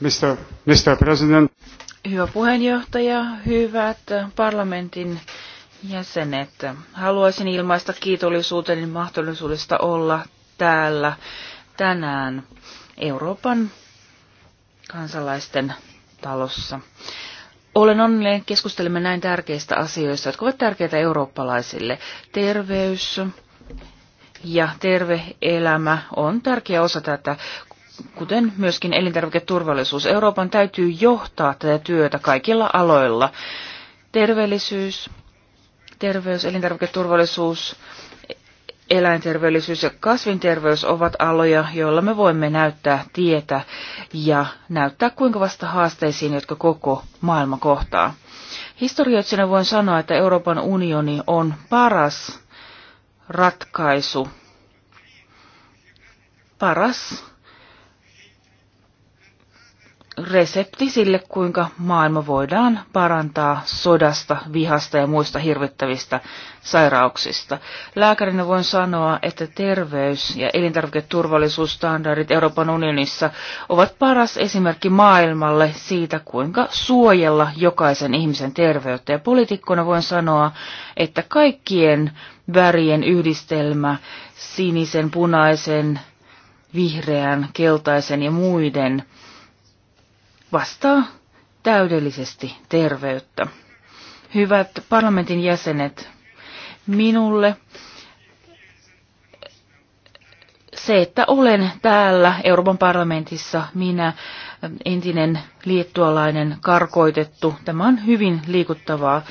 Mr. Mr. President. Hyvä puheenjohtaja, hyvät parlamentin jäsenet. Haluaisin ilmaista kiitollisuuteni mahdollisuudesta olla täällä tänään Euroopan kansalaisten talossa. Olen onnellinen, keskustelemme näin tärkeistä asioista, jotka ovat tärkeitä eurooppalaisille. Terveys ja terve elämä on tärkeä osa tätä kuten myöskin elintarviketurvallisuus. Euroopan täytyy johtaa tätä työtä kaikilla aloilla. Terveellisyys, terveys, elintarviketurvallisuus, eläinterveellisyys ja kasvinterveys ovat aloja, joilla me voimme näyttää tietä ja näyttää kuinka vasta haasteisiin, jotka koko maailma kohtaa. Historioitsijana voin sanoa, että Euroopan unioni on paras ratkaisu, paras resepti sille, kuinka maailma voidaan parantaa sodasta, vihasta ja muista hirvittävistä sairauksista. Lääkärinä voin sanoa, että terveys- ja elintarviketurvallisuusstandardit Euroopan unionissa ovat paras esimerkki maailmalle siitä, kuinka suojella jokaisen ihmisen terveyttä. Ja poliitikkona voin sanoa, että kaikkien värien yhdistelmä sinisen, punaisen, vihreän, keltaisen ja muiden – vastaa täydellisesti terveyttä. Hyvät parlamentin jäsenet, minulle se, että olen täällä Euroopan parlamentissa, minä entinen liettualainen karkoitettu, tämä on hyvin liikuttavaa.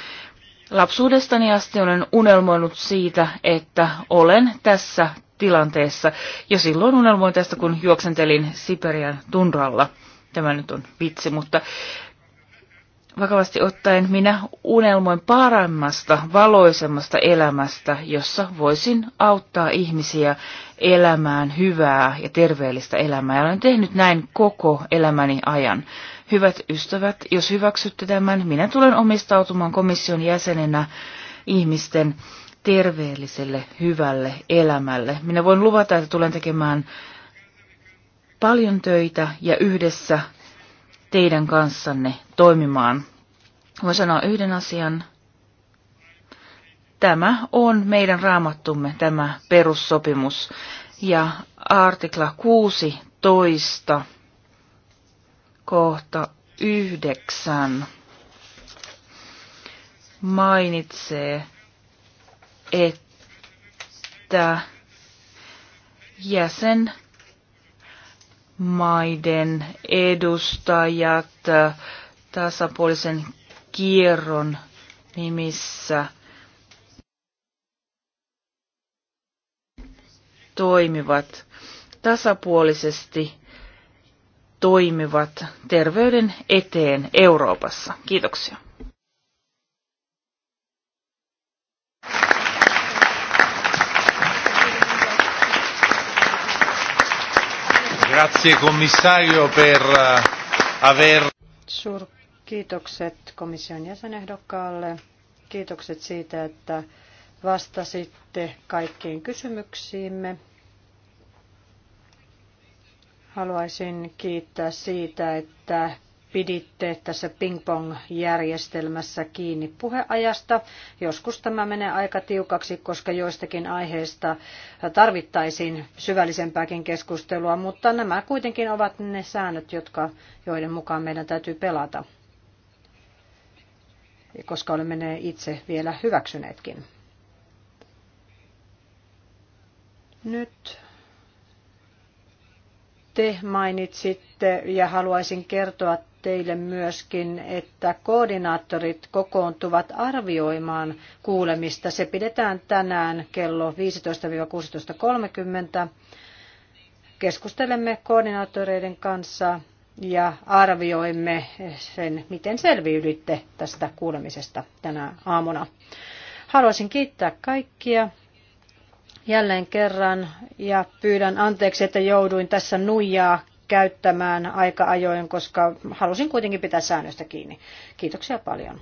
Lapsuudestani asti olen unelmoinut siitä, että olen tässä tilanteessa, ja silloin unelmoin tästä, kun juoksentelin Siperian tunralla. Tämä nyt on vitsi, mutta vakavasti ottaen minä unelmoin paremmasta, valoisemmasta elämästä, jossa voisin auttaa ihmisiä elämään hyvää ja terveellistä elämää. Ja olen tehnyt näin koko elämäni ajan. Hyvät ystävät, jos hyväksytte tämän, minä tulen omistautumaan komission jäsenenä ihmisten terveelliselle, hyvälle elämälle. Minä voin luvata, että tulen tekemään paljon töitä ja yhdessä teidän kanssanne toimimaan. Voin sanoa yhden asian. Tämä on meidän raamattumme, tämä perussopimus. Ja artikla 16, kohta 9, mainitsee, että jäsen maiden edustajat äh, tasapuolisen kierron nimissä toimivat tasapuolisesti toimivat terveyden eteen Euroopassa. Kiitoksia. Grazie commissario per eh, aver... komission jäsenehdokkaalle. Kiitokset siitä, että vastasitte kaikkiin kysymyksiimme. Haluaisin kiittää siitä, että piditte tässä ping-pong-järjestelmässä kiinni puheajasta. Joskus tämä menee aika tiukaksi, koska joistakin aiheista tarvittaisiin syvällisempääkin keskustelua, mutta nämä kuitenkin ovat ne säännöt, jotka, joiden mukaan meidän täytyy pelata, koska olemme ne itse vielä hyväksyneetkin. Nyt te mainitsitte ja haluaisin kertoa teille myöskin, että koordinaattorit kokoontuvat arvioimaan kuulemista. Se pidetään tänään kello 15-16.30. Keskustelemme koordinaattoreiden kanssa ja arvioimme sen, miten selviydytte tästä kuulemisesta tänä aamuna. Haluaisin kiittää kaikkia jälleen kerran ja pyydän anteeksi, että jouduin tässä nuijaa käyttämään aika ajoin, koska halusin kuitenkin pitää säännöstä kiinni. Kiitoksia paljon.